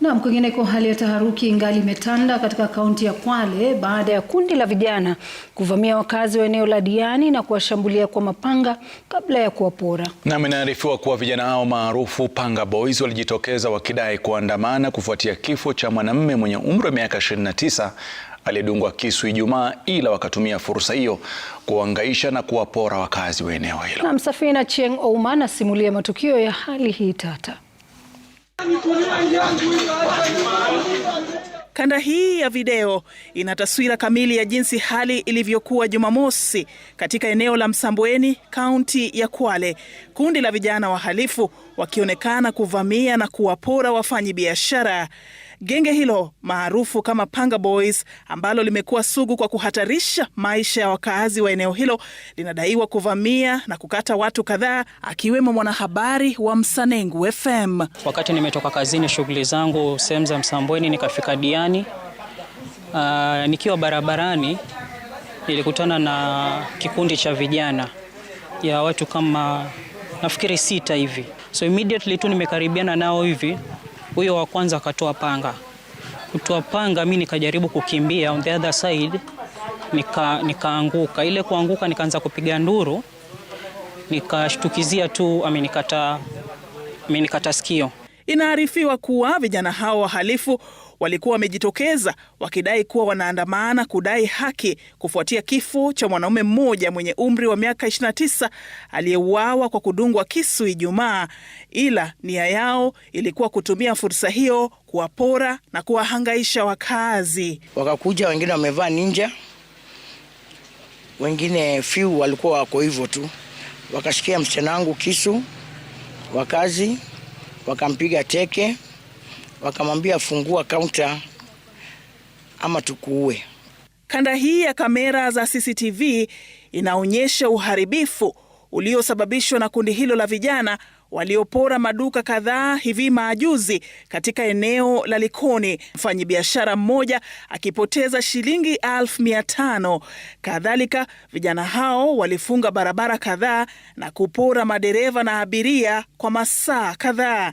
Naam, kwingineko hali ya taharuki ingali imetanda katika kaunti ya Kwale baada ya kundi la vijana kuvamia wakazi wa eneo la Diani na kuwashambulia kwa mapanga kabla ya kuwapora. Naam, inaarifiwa kuwa vijana hao maarufu Panga Boys walijitokeza wakidai kuandamana kufuatia kifo cha mwanamume mwenye umri wa miaka 29 aliyedungwa kisu Ijumaa ila wakatumia fursa hiyo kuangaisha na kuwapora wakazi wa eneo hilo. Naam, Safina Cheng Ouma anasimulia matukio ya hali hii tata. Kanda hii ya video ina taswira kamili ya jinsi hali ilivyokuwa Jumamosi katika eneo la Msambweni, kaunti ya Kwale, kundi la vijana wahalifu wakionekana kuvamia na kuwapora wafanyi biashara. Genge hilo maarufu kama Panga Boys ambalo limekuwa sugu kwa kuhatarisha maisha ya wakaazi wa eneo hilo linadaiwa kuvamia na kukata watu kadhaa akiwemo mwanahabari wa Msanengu FM. Wakati nimetoka kazini shughuli zangu sehemu za Msambweni nikafika Diani. Uh, nikiwa barabarani nilikutana na kikundi cha vijana ya watu kama nafikiri sita hivi, so immediately tu nimekaribiana nao hivi huyo wa kwanza akatoa panga. Kutoa panga, mimi nikajaribu kukimbia on the other side, nika nikaanguka. Ile kuanguka nikaanza kupiga nduru, nikashtukizia tu amenikata, amenikata sikio. Inaarifiwa kuwa vijana hao wahalifu walikuwa wamejitokeza wakidai kuwa wanaandamana kudai haki kufuatia kifo cha mwanaume mmoja mwenye umri wa miaka 29 aliyeuawa kwa kudungwa kisu Ijumaa, ila nia yao ilikuwa kutumia fursa hiyo kuwapora na kuwahangaisha wakazi. Wakakuja wengine wamevaa ninja, wengine fiu walikuwa wako hivyo tu, wakashikia msichana wangu kisu, wakazi wakampiga teke, wakamwambia fungua kaunta ama tukuue. Kanda hii ya kamera za CCTV inaonyesha uharibifu uliosababishwa na kundi hilo la vijana waliopora maduka kadhaa hivi majuzi katika eneo la Likoni, mfanyabiashara mmoja akipoteza shilingi elfu mia tano. Kadhalika, vijana hao walifunga barabara kadhaa na kupora madereva na abiria kwa masaa kadhaa.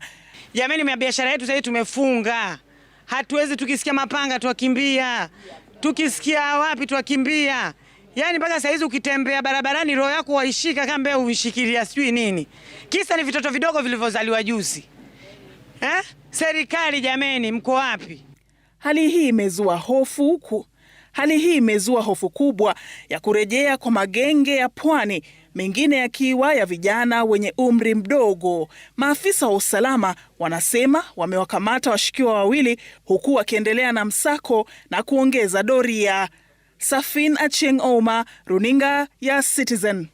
Jamani, mwa biashara yetu sasa tumefunga, hatuwezi tukisikia mapanga twakimbia, tukisikia wapi twakimbia. Yaani mpaka saa hizi ukitembea barabarani roho yako waishika kama uishikilia sijui nini. Kisa ni vitoto vidogo vilivyozaliwa juzi. Eh? Serikali jameni, mko wapi? Hali hii imezua hofu huku. Hali hii imezua hofu kubwa ya kurejea kwa magenge ya pwani, mengine yakiwa ya vijana wenye umri mdogo. Maafisa wa usalama wanasema wamewakamata washukiwa wawili, huku wakiendelea na msako na kuongeza doria. Safin Achieng' oma runinga ya Citizen.